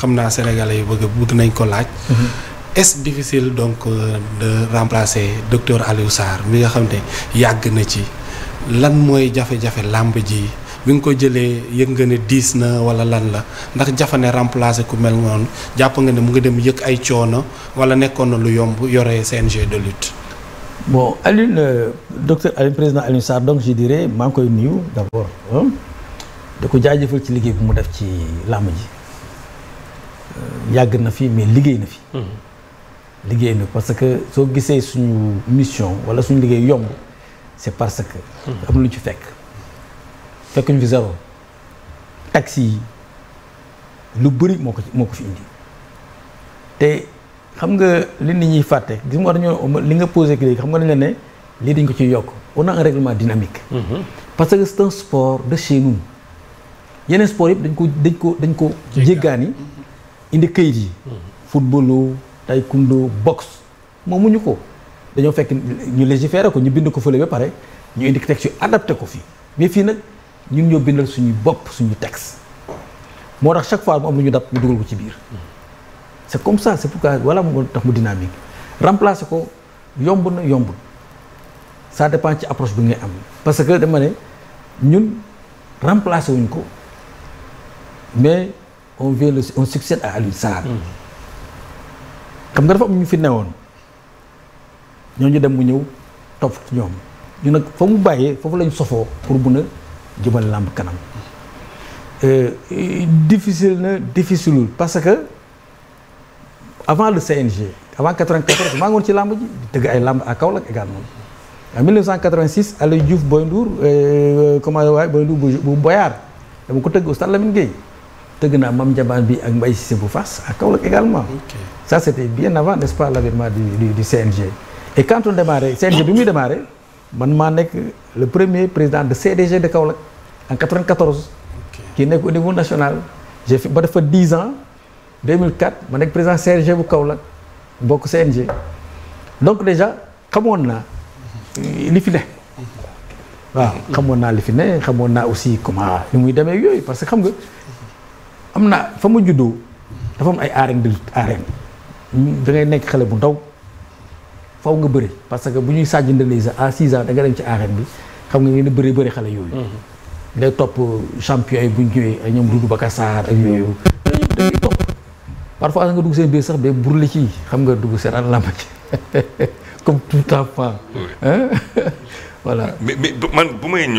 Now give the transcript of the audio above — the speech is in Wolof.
xam naa sénégalais yu bëgg bëgg nañ ko laaj. Mm-hmm. est difficile donc euh, de remplacer docteur Aliou Sarr mi nga xam ne yàgg na ci lan mooy jafe-jafe làmb ji bi nga ko jëlee yëg nga ne diis na wala lan la ndax jafe ne remplacer ku mel noonu jàpp nga ne mu ngi dem yëg ay coono wala nekkoon na lu yomb yore g de lutte. bon Alioune docteur Alioune président Alioune Sarr donc je dirais maa ngi koy nuyu d'abord da ko jaajëfal ci liggéey bu mu def ci làmb ji. yàgg na fi mais liggéey na fi. Hmm. liggéey na parce que soo gisee suñu mission wala suñu liggéey yomb c'est parce que. Hmm. am na lu ci fekk fekk ñu fi zéro taxi lu bëri moo ko moo ko fi indi te xam nga li nit ñuy fàtte gis nga war nañoo li nga posé léegi xam nga dañ la ne lii dañ ko ciy yokk on a un règlement dynamique. Hmm. parce que c'est sport de chez yeneen sport yëpp dañ ko dañ ko dañ ko jéggaani. indi këyit yi. footballu taekwondo boxe moomuñu ko dañoo fekk ñu légiféré ko ñu bind ko fële ba pare ñu indi texte yu adapté ko fii mais fii nag ñun ñoo bind suñu bopp suñu teg moo tax chaque fois mu am lu ñu dab ñu dugal ko ci biir. c'est comme ça c'est pourquoi wala moo tax mu dynamique remplacer ko yomb na yombul ça dépend ci approche bi ngay am parce que dama ne ñun remplacer wuñ ko mais. on vient le on à Alioune Sarr. xam nga dafa am ñu fi newoon ñu dem mu ñëw topp ñoom ñu nag fa mu bàyyee foofu lañ sofoo pour mun a jëmal làmb kanam. Euh, difficile na difficile parce que avant le CNG avant 94 maa ngi ci làmb ji tëgg ay làmb à kaw également en moom Aliou Diouf Boy Ndour euh, comment waaye Boy Ndour bu Boyard dama ko tëgg au stade Lamine Gueye. tëgg naa Mame Ndiabane bi ak Mbaye Cissé bu Fass à Kaolack également okay. ça c'était bien avant n'est-ce pas l'avènement du, du, CNG et quand on CNG bi muy démarré man maa nekk le premier président de CDG de Kaolack en 94 kii okay. nekk au niveau national j'ai fait ba dafa 10 ans 2004 ma nekk président CNG bu kaw Kaolack bokk CNG donc déjà xamoon naa li fi ne mhm. waaw xamoon naa li fi ne xamoon naa aussi comment ni muy demee yooyu parce que xam nga xam naa fa ma juddoo dafa am ay arène de lutte arène nekk xale bu ndaw faw nga bëri parce que bu ñuy sàjj ndëndee sax a 6 ans da nga dem ci arène bi xam nga ngeen di bëri bëri xale yooyu. day mhm. euh, bu ñu ñëwee ay ñoom Doudou Bakassar ak yooyu. Mhm. dañuy topp parfois nga dugg seen biir sax day burle ci xam nga dugg seen an làmb ci comme tout enfant. voilà. mais mais man bu may ñëw.